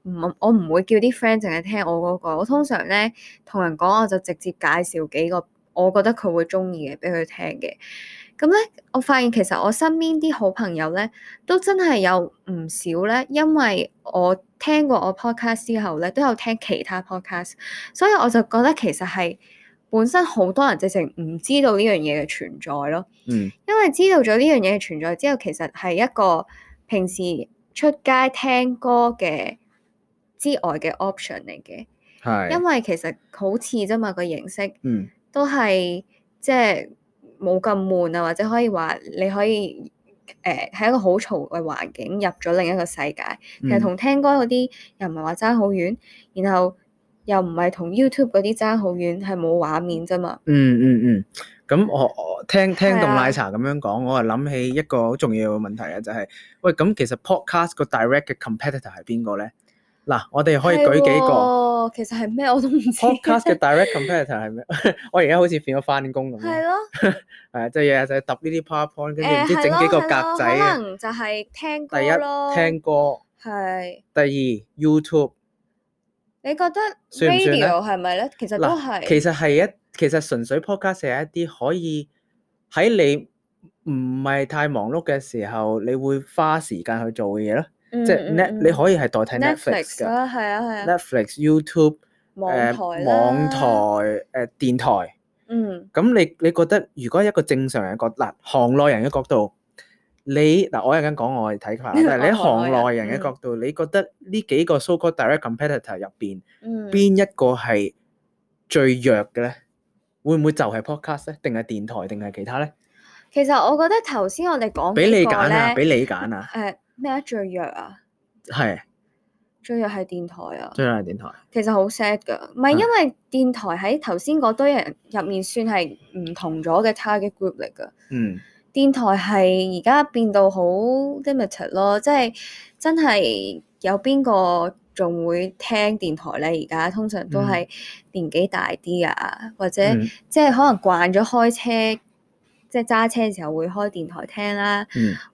Speaker 1: 唔，我唔會叫啲 friend 淨係聽我嗰個。我通常咧，同人講，我就直接介紹幾個我覺得佢會中意嘅俾佢聽嘅。咁咧，我發現其實我身邊啲好朋友咧，都真係有唔少咧，因為我聽過我 podcast 之後咧，都有聽其他 podcast，所以我就覺得其實係本身好多人直情唔知道呢樣嘢嘅存在咯。嗯，因為知道咗呢樣嘢嘅存在之後，其實係一個平時出街聽歌嘅。之外嘅 option 嚟嘅。係因為其實好似啫嘛個形式，就是，嗯，都係即係冇咁悶啊，或者可以話你可以誒喺、呃、一個好嘈嘅環境入咗另一個世界。其實同聽歌嗰啲又唔係話爭好遠，然後又唔係同 YouTube 嗰啲爭好遠，係冇畫面啫嘛、嗯。
Speaker 2: 嗯嗯嗯，咁我聽聽、啊、我聽聽凍奶茶咁樣講，我係諗起一個好重要嘅問題啊，就係、是、喂咁、嗯、其實 podcast 個 direct 嘅 competitor 係邊個咧？嗱，我哋可以舉幾個。
Speaker 1: 其實係咩我都唔知。
Speaker 2: Podcast 嘅 Direct Competitor 係咩？ 我而家好似變咗翻工咁樣。係咯的。係 的，即係日日就係揼呢啲 PowerPoint，跟住唔知整幾個格仔可能
Speaker 1: 就係聽歌咯。第一，聽歌。係的。
Speaker 2: 第二，YouTube。
Speaker 1: 你覺得 Media 係咪咧？其實都係。其實
Speaker 2: 係一，其實純粹 Podcast 係一啲可以喺你唔係太忙碌嘅時候，你會花時間去做嘅嘢咧。即係 net 你可以係代替 Netflix 嘅，Netflix、YouTube、網台、誒電台。嗯。咁你你覺得如果一個正常人嘅角，嗱行內人嘅角度，你嗱我係咁講我嘅睇法啦，但係你喺行內人嘅角度，你覺得呢幾個 so-called direct competitor 入邊，邊一個係最弱嘅咧？會唔會就係 podcast 咧？定係電台定係其他咧？
Speaker 1: 其實我覺得頭先我哋講俾你揀啊，俾你揀啊。咩最弱啊？係是最弱係電台啊！
Speaker 2: 最弱係電台。
Speaker 1: 其實好 sad 噶唔係因為電台喺頭先嗰堆人入面算係唔同咗嘅 target group 嚟噶。嗯。電台係而家變到好 limited 咯，即係真係有邊個仲會聽電台咧而家通常都係年紀大啲啊，或者、嗯、即係可能慣咗開車。即係揸車嘅時候會開電台聽啦，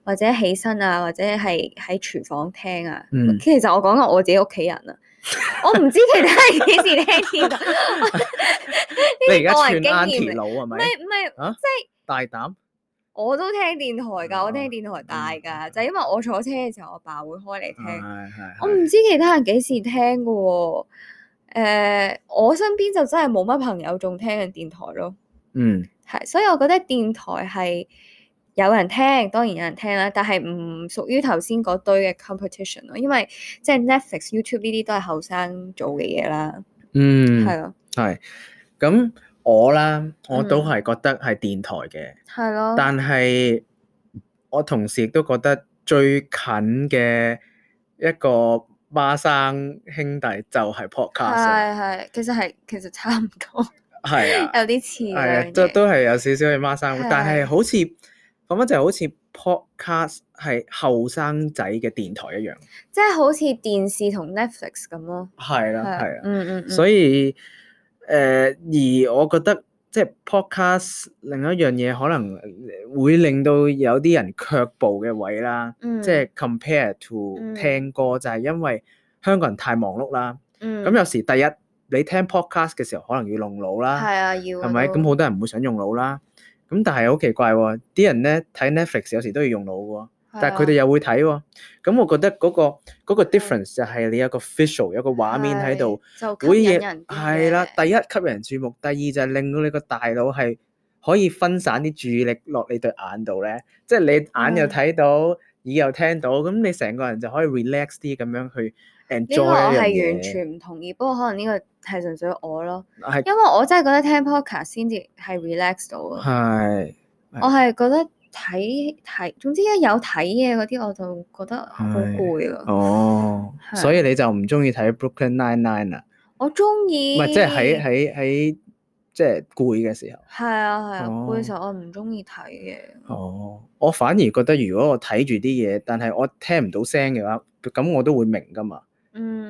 Speaker 1: 或者起身啊，或者係喺廚房聽啊。其實我講緊我自己屋企人啦，我唔知其他人幾時聽電台。你而家寸竿鐵係咪？唔係，
Speaker 2: 即係大膽。
Speaker 1: 我都聽電台噶，我聽電台大噶，就因為我坐車嘅時候，我爸會開嚟聽。我唔知其他人幾時聽噶。誒，我身邊就真係冇乜朋友仲聽緊電台咯。嗯。所以我覺得電台係有人聽，當然有人聽啦，但係唔屬於頭先嗰堆嘅 competition 咯，因為即係 Netflix、YouTube 呢啲都係後生做嘅嘢啦。嗯，
Speaker 2: 係咯的，係。咁我啦，我都係覺得係電台嘅，
Speaker 1: 係咯、嗯。但
Speaker 2: 係我同時亦都覺得最近嘅一個孖生兄弟就係 podcast，係
Speaker 1: 係，其實係其實差唔多。係啊，有啲似係啊，都
Speaker 2: 都係有少少嘅孖生，啊、但係好似咁樣就好似 podcast 係後生仔嘅電台一樣，
Speaker 1: 即係好似電視同 Netflix 咁咯。
Speaker 2: 係啦，係啊，啊啊嗯，嗯嗯，所以誒、呃，而我覺得即係、就是、podcast 另一樣嘢可能會令到有啲人卻步嘅位啦，即係、嗯、compare to、嗯、聽歌就係因為香港人太忙碌啦。咁、嗯嗯、有時第一。你聽 podcast 嘅時候可能要用腦啦，
Speaker 1: 係啊，要，係咪？咁好
Speaker 2: 多人唔會想用腦啦。咁但係好奇怪喎、哦，啲人咧睇 Netflix 有時都要用腦喎，啊、
Speaker 1: 但係佢哋又
Speaker 2: 會睇喎、哦。咁我覺得嗰、嗰個、嗰個、difference 就係你有個 visual 有個畫面喺度，會係啦。第一吸引人注目，第二就係令到你個大腦係可以分散啲注意力落你對眼度咧。即、就、係、係、你眼又睇到，嗯、耳又聽到，咁你成個人就可以 relax 啲咁樣去。呢 Enjoy 個我係完全
Speaker 1: 唔同意，不過西可能呢個係純粹我咯。是因為我真係覺得聽 Podcast 先至係 relax 到
Speaker 2: 啊。我係
Speaker 1: 覺得睇睇，總之一有睇嘅嗰啲，我就覺得好攰咯。哦，
Speaker 2: 是所以你就唔中意睇 Brooklyn、ok、Nine Nine 啊？
Speaker 1: 我中意，唔係即係喺
Speaker 2: 喺喺即係攰嘅時候。
Speaker 1: 係啊係啊，攰嘅、啊哦、時候我唔中意睇
Speaker 2: 嘅。哦，我反而覺得如果我睇住啲嘢，但係我聽唔到聲嘅話，咁我都會明㗎嘛。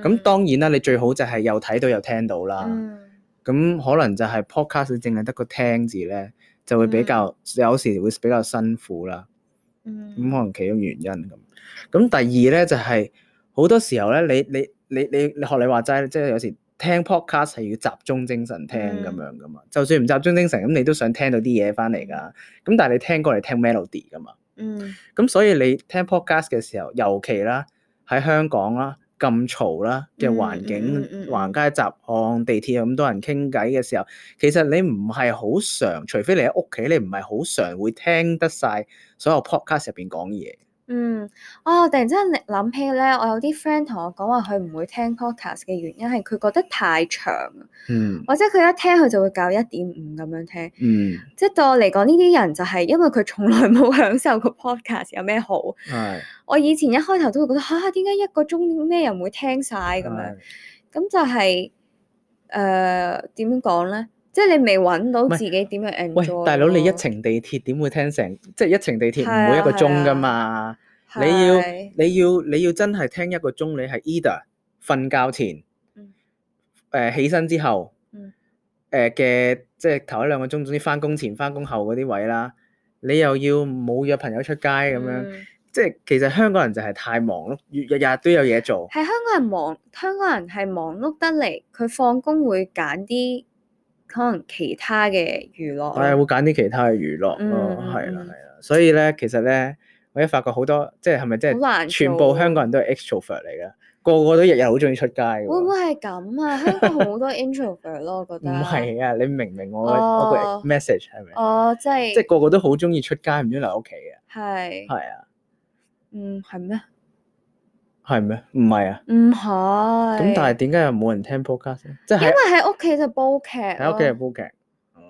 Speaker 2: 咁當然啦，你最好就係又睇到又聽到啦。咁、嗯、可能就係 podcast 淨係得個聽字咧，就會比較、嗯、有時會比較辛苦啦。咁、嗯、可能其中原因咁。咁第二咧就係、是、好多時候咧，你你你你你學你話齋，即係、就是、有時聽 podcast 係要集中精神聽咁樣噶嘛。嗯、就算唔集中精神，咁你都想聽到啲嘢翻嚟噶。咁但係你，你聽歌係聽 melody 噶嘛。咁、嗯、所以你聽 podcast 嘅時候，尤其啦喺香港啦。咁嘈啦嘅環境，橫、嗯嗯嗯、街雜巷，地鐵有咁多人傾偈嘅時候，其實你唔係好常，除非你喺屋企，你唔係好常會聽得晒所有 podcast 入邊講嘢。
Speaker 1: 嗯，啊、哦，突然之間諗起咧，我有啲 friend 同我講話佢唔會聽 podcast 嘅原因係佢覺得太長，嗯，或者佢一聽佢就會搞一點五咁樣聽，嗯，即係對我嚟講呢啲人就係因為佢從來冇享受過 podcast 有咩好，係的，我以前一開頭都會覺得吓，點解一個鐘咩人會聽晒咁的樣，咁的就係、是，誒、呃，點樣講咧？即係你未揾到自己點樣 enjoy 喂，那個 大
Speaker 2: 佬，你一程地鐵點會聽成即係、就是、一程地鐵唔會一個鐘㗎嘛、啊？你要你要你要真係聽一個鐘，你係 either 瞓覺前，誒的、呃、起身之後，誒嘅即係頭一兩個鐘，總之翻工前翻工後嗰啲位啦。你又要冇約朋友出街咁樣，即係的、嗯、其實香港人就係太忙咯，月日日都有嘢做。係
Speaker 1: 香港人忙，香港人係忙碌得嚟，佢放工會揀啲。可能其他嘅娛樂，我係
Speaker 2: 會揀啲其他嘅娛樂，係啦係啦，所以咧其實咧，我一發覺好多即係係咪即係全部香港人都係 extrovert 嚟嘅，個個都日日好中意出街。會
Speaker 1: 唔會係咁啊？香港好多 introvert 咯、啊，我覺得
Speaker 2: 唔係 啊！你明唔明我我個 message 係咪？
Speaker 1: 哦，即係即
Speaker 2: 係個個都好中意出街，唔中意留屋企嘅。係係啊，的
Speaker 1: 嗯，係咩？
Speaker 2: 係咩？
Speaker 1: 唔係啊！唔係咁， 但係
Speaker 2: 點解又冇人聽 Podcast？即係因為喺
Speaker 1: 屋企就煲劇，喺屋企就煲
Speaker 2: 劇，哦，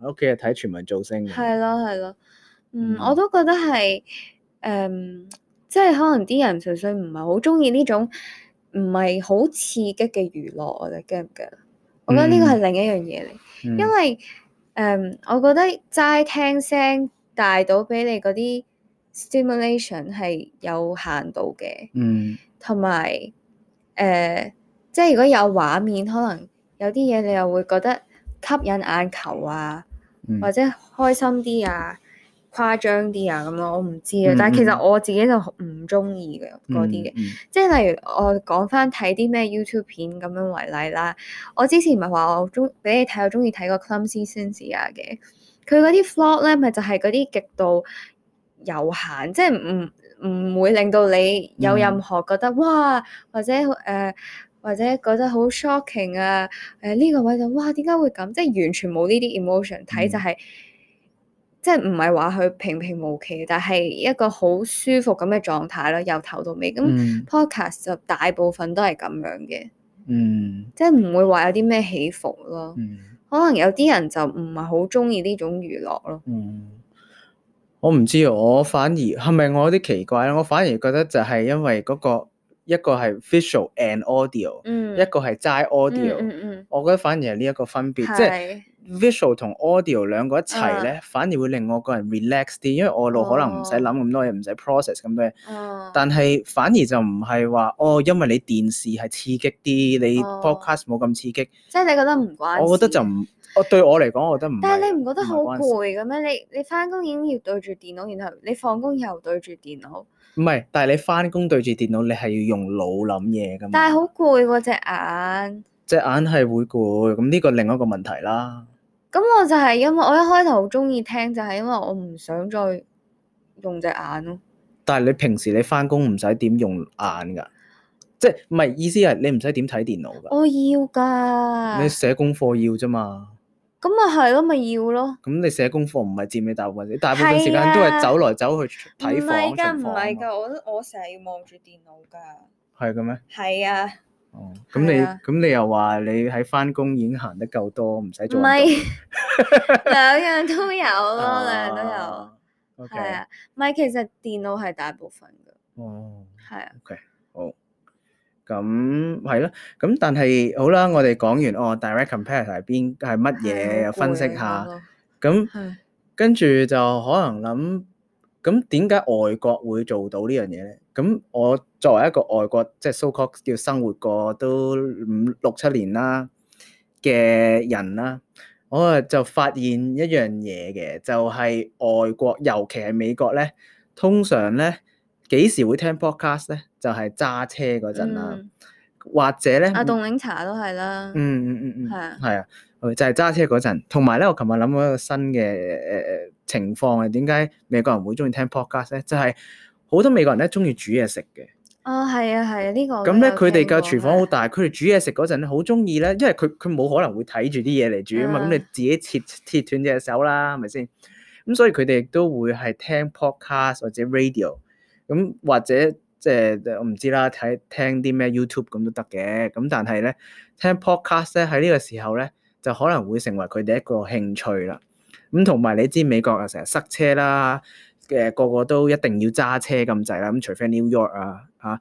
Speaker 2: 喺屋企就睇全民造星。係
Speaker 1: 咯係咯，嗯，我都覺得係，誒，即係可能啲人純粹唔係好中意呢種唔係好刺激嘅娛樂，我哋記唔記得？
Speaker 2: 我覺得呢個係
Speaker 1: 另一樣嘢嚟，因為誒，我覺得齋聽聲帶到俾你嗰啲。Stimulation 係有限度嘅，嗯，同埋誒，即係如果有畫面，可能有啲嘢你又會覺得吸引眼球啊，嗯、或者開心啲啊，誇張啲啊咁咯。我唔知啊，但係其實我自己就唔中意嘅嗰啲嘅，即係例如我講翻睇啲咩 YouTube 片咁樣為例啦。我之前咪話我中俾你睇，我中意睇個 Clumsy Cynthia 嘅，佢嗰啲 vlog 咧咪就係嗰啲極度，悠閒，即係唔唔會令到你有任何覺得、嗯、哇，或者誒、呃，或者覺得好 shocking 啊！誒、呃、呢、呢個位就哇，點解會咁？即係完全冇呢啲 emotion 睇、嗯，就係、是、即係唔係話佢平平無奇，但係一個好舒服咁嘅狀態咯，由頭到尾。咁、嗯、podcast 就大部分都係咁樣嘅，嗯，即係唔會話有啲咩起伏咯。嗯、可能有啲人就唔係好中意呢種娛樂咯嗯。
Speaker 2: 嗯。我唔知啊，我反而係咪我有啲奇怪？我反而覺得就係因為嗰、那個一個係 visual and audio、嗯、一個係齋 audio、嗯嗯嗯、我覺得反而係呢一個分別，visual 同 audio 兩個一齊咧，uh, 反而會令我個人 relax 啲，因為我腦可能唔使諗咁多嘢，唔使 process 咁嘅。但係反而就唔係話哦，因為你電視係刺激啲，你 podcast 冇咁、uh, 刺激。
Speaker 1: 即係你覺得唔關？我覺得
Speaker 2: 就唔，我對我嚟講，我覺得唔。但係你
Speaker 1: 唔覺得好攰嘅咩？你你翻工已經要對住電腦，然後你放工又對住電腦。唔
Speaker 2: 係，但係你翻工對住電腦，你係要用腦諗嘢㗎嘛？但係
Speaker 1: 好攰喎隻眼。
Speaker 2: 隻眼係會攰，咁呢個另一個問題啦。
Speaker 1: 咁我就係因為我一開頭中意聽就係因為我唔想再用隻眼咯。
Speaker 2: 但係你平時你翻工唔使點用眼噶，即係唔係意思係你唔使點睇電腦噶。
Speaker 1: 我要噶。你
Speaker 2: 寫功課要啫嘛？
Speaker 1: 咁咪係咯，咪、就是、要咯。
Speaker 2: 咁你寫功課唔係佔你大部分，你大部分時間都係走來走去睇房巡房。唔係
Speaker 1: 噶，唔係噶，我我成日要望住電腦噶。
Speaker 2: 係噶咩？係啊。哦，咁你咁你又話你喺翻工已經行得夠多，唔使做咪
Speaker 1: 兩樣都有咯，兩樣都有，係啊，咪其實電腦係大部分㗎，哦，係啊
Speaker 2: ，OK，好，咁係啦，咁但係好啦，我哋講完哦，Direct competitor 係邊係乜嘢，又分析下，咁跟住就可能諗，咁點解外國會做到呢樣嘢咧？咁我作為一個外國即係 so-called 叫生活過都五六七年啦嘅人啦，我啊就發現一樣嘢嘅，就係、是、外國尤其係美國咧，通常咧幾時會聽 podcast 咧，就係、是、揸車嗰陣、嗯啊、啦，或者咧，阿凍
Speaker 1: 檸茶都係啦，嗯嗯嗯
Speaker 2: 嗯，係、嗯、啊，係、嗯、啊的，就係、是、揸車嗰陣，同埋咧我琴日諗一個新嘅誒、呃、情況啊，點解美國人會中意聽 podcast 咧？就係、是好多美國人咧，中意煮嘢食嘅。
Speaker 1: 哦，係啊，係啊，呢個。咁咧，佢
Speaker 2: 哋嘅廚房好大，佢哋煮嘢食嗰陣好中意咧，因為佢佢冇可能會睇住啲嘢嚟煮啊嘛，咁你自己切切斷隻手啦，係咪先？咁所以佢哋亦都會係聽 podcast 或者 radio，咁或者即係我唔知啦，睇聽啲咩 YouTube 咁都得嘅。咁但係咧，聽 podcast 咧喺呢個時候咧，就可能會成為佢哋一個興趣啦。咁同埋你知美國啊，成日塞車啦。嘅個個都一定要揸車咁滯啦，咁除非 New York 啊，啊，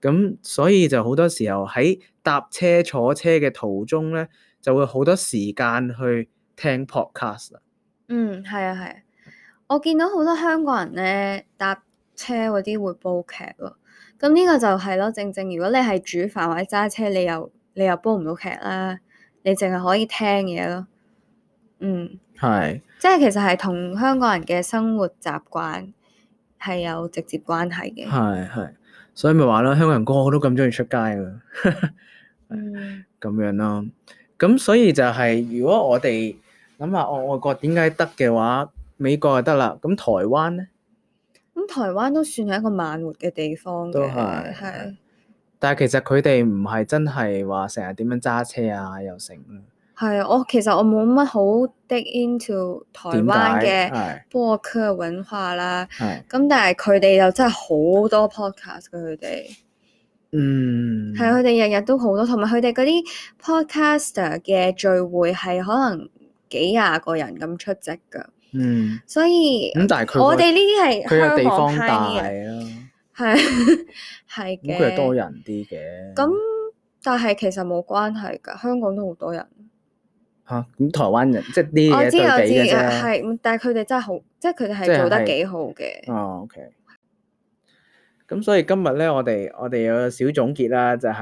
Speaker 2: 咁所以就好多時候喺搭車坐車嘅途中咧，就會好多時間去聽 podcast。嗯，
Speaker 1: 係啊，係、啊。我見到好多香港人咧，搭車嗰啲會煲劇咯，咁呢個就係咯，正正如果你係煮飯或者揸車，你又你又煲唔到劇啦，你淨係可以聽嘢咯。嗯，係。即係其實係同香港人嘅生活習慣係有直接關係嘅，
Speaker 2: 係係，所以咪話咯，香港人個個都咁中意出街啊，咁、 嗯、樣咯。咁所以就係、是，如果我哋諗下外外國點解得嘅話，美國就得啦。咁台灣咧，
Speaker 1: 咁、嗯、台灣都算係一個慢活嘅地方，都係係。
Speaker 2: 是但係其實佢哋唔係真係話成日點樣揸車啊，又成。
Speaker 1: 係啊，我其實我冇乜好 dig into 台灣嘅播客文化啦。咁但係佢哋又真係好多 podcast 嘅佢哋。嗯，係佢哋日日都好多，同埋佢哋嗰啲 podcaster 嘅聚會係可能幾廿個人咁出席㗎。嗯，所以咁但係、嗰個、我哋呢啲係香港大啊，係係嘅。咁佢係多
Speaker 2: 人啲嘅。咁、
Speaker 1: 嗯、但係其實冇關係㗎，香港都好多人。
Speaker 2: 嚇咁、啊、台灣人即啲嘢都幾嘅
Speaker 1: 啫，係，但係佢哋真係好，即係佢哋係做得幾好嘅、
Speaker 2: 即係。哦，OK。咁所以今日咧，我哋我哋有個小總結啦，就係、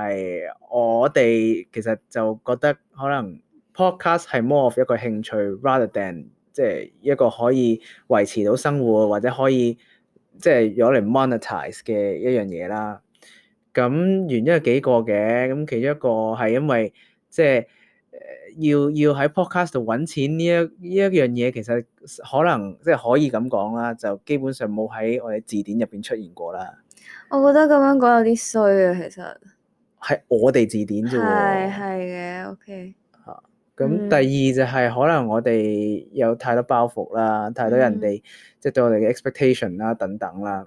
Speaker 2: 係、我哋其實就覺得可能 podcast 係 more of 一個興趣，rather than 即係一個可以維持到生活或者可以即係攞嚟 monetize 嘅一樣嘢啦。咁原因有幾個嘅，咁其中一個係因為即係。要要喺 podcast 度揾錢呢一呢一樣嘢，其實可能即係可以咁講啦，就基本上冇喺我哋字典入邊出現過啦。
Speaker 1: 我覺得咁樣講有啲衰啊，其實
Speaker 2: 係我哋字典啫喎。係
Speaker 1: 係嘅，OK。嚇、
Speaker 2: 啊，咁第二就係可能我哋有太多包袱啦，嗯、太多人哋即係對我哋嘅 expectation 啦等等啦。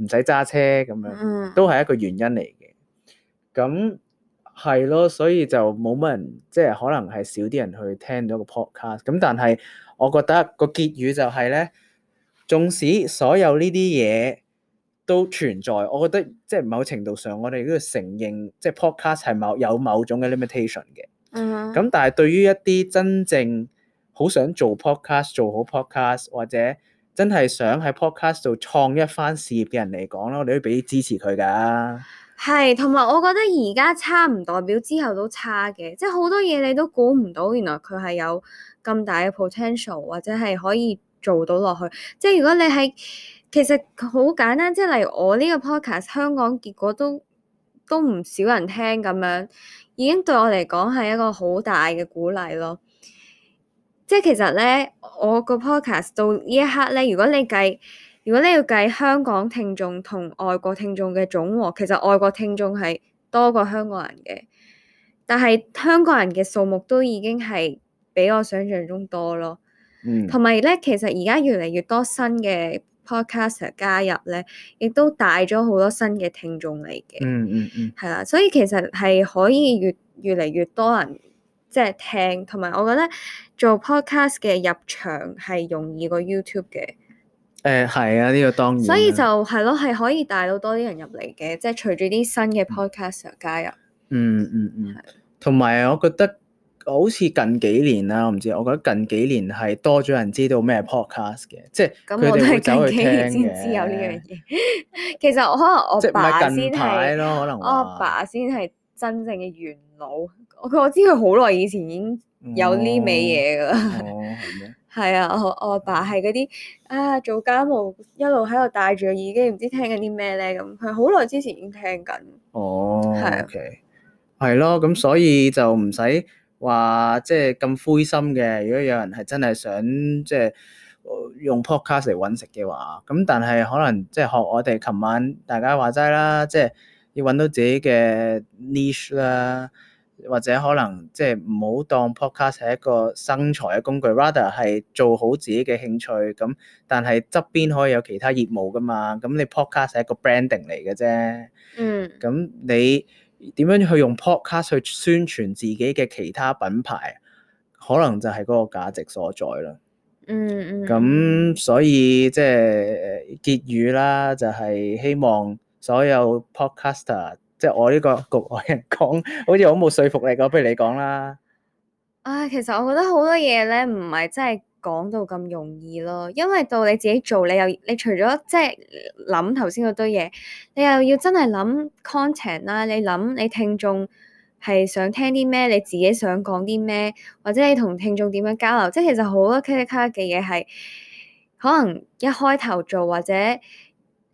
Speaker 2: 唔使揸車咁樣，都係一個原因嚟嘅。咁係咯，所以就冇乜人，即係可能係少啲人去聽到個 podcast。咁但係，我覺得個結語就係咧，縱使所有呢啲嘢都存在，我覺得即係某程度上，我哋都要承認，即係 podcast 係某，有某種嘅 limitation 嘅。咁但係，對於一啲真正好想做 podcast、做好 podcast 或者，真係想喺 podcast 度創一番事業嘅人嚟講咯，我都要俾支持佢㗎。
Speaker 1: 係，同埋我覺得而家差唔代表之後都差嘅，即係好多嘢你都估唔到，原來佢係有咁大嘅 potential，或者係可以做到落去。即係如果你係其實好簡單，即係例如我呢個 podcast 香港，結果都都唔少人聽咁樣，已經對我嚟講係一個好大嘅鼓勵咯。即係其實咧，我個 podcast 到呢一刻咧，如果你計，如果你要計香港聽眾同外國聽眾嘅總和，其實外國聽眾係多過香港人嘅。但係香港人嘅數目都已經係比我想象中多咯。嗯。同埋咧，其實而家越嚟越多新嘅 podcaster 加入咧，亦都帶咗好多新嘅聽眾嚟嘅。嗯嗯嗯。係啦，所以其實係可以越越嚟越多人。即係聽，同埋我覺得做 podcast 嘅入場係容易過 YouTube 嘅。
Speaker 2: 誒係啊，呢個當然。所以就
Speaker 1: 係咯，係可以帶到多啲人入嚟嘅。即係隨住啲新嘅 podcast 加入。嗯嗯
Speaker 2: 嗯。同埋我覺得，好似近幾年啦，我唔知，我覺得近幾年係多咗人知道咩 podcast 嘅。即係我都係走去聽先知有
Speaker 1: 呢樣嘢。其實我可能我爸先係咯，是可能我阿爸先係真正嘅元老。我知佢好耐以前已經有呢味嘢㗎，係、哦、 啊！我我爸係嗰啲啊做家務，一路喺度戴住耳機，唔知聽緊啲咩咧咁。佢好耐之前已經聽緊，
Speaker 2: 係、哦啊、OK 係咯。咁所以就唔使話即係咁灰心嘅。如果有人係真係想即係用 podcast 嚟揾食嘅話，咁但係可能即係學我哋琴晚大家話齋啦，即係要揾到自己嘅 niche 啦。或者可能即係唔好當 podcast 係一個生財嘅工具，rather 係做好自己嘅興趣。咁但係側邊可以有其他業務㗎嘛？咁你 podcast 係一個 branding 嚟嘅啫。嗯。咁你點樣去用 podcast 去宣傳自己嘅其他品牌？可能就係嗰個價值所在啦。嗯嗯咁所以即係、就是、結語啦，就係、是、希望所有 podcaster。即係我呢個局外人講，好似好冇說服力㗎，不如你講啦。
Speaker 1: 唉，其實我覺得好多嘢咧，唔係真係講到咁容易咯。因為到你自己做，你又你除咗即係諗頭先嗰堆嘢，你又要真係諗 content 啦，你諗你聽眾係想聽啲咩，你自己想講啲咩，或者你同聽眾點樣交流。即係其實好多咔咔嘅嘢係可能一開頭做或者誒。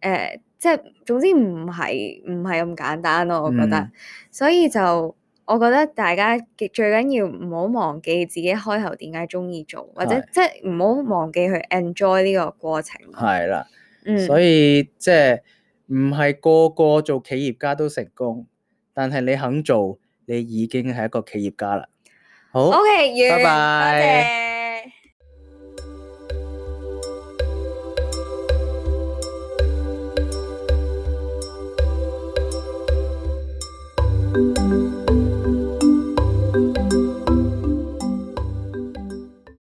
Speaker 1: 呃即係總之唔係唔係咁簡單咯，啊，我覺得，嗯、所以就我覺得大家最緊要唔好忘記自己開頭點解中意做，或者是即係唔好忘記去 enjoy 呢個過程。係啦，嗯，所以、
Speaker 2: 嗯、即係唔係個個做企業家都成功，但係你肯做，你已經係一個企業家啦。好，OK，b y 完拜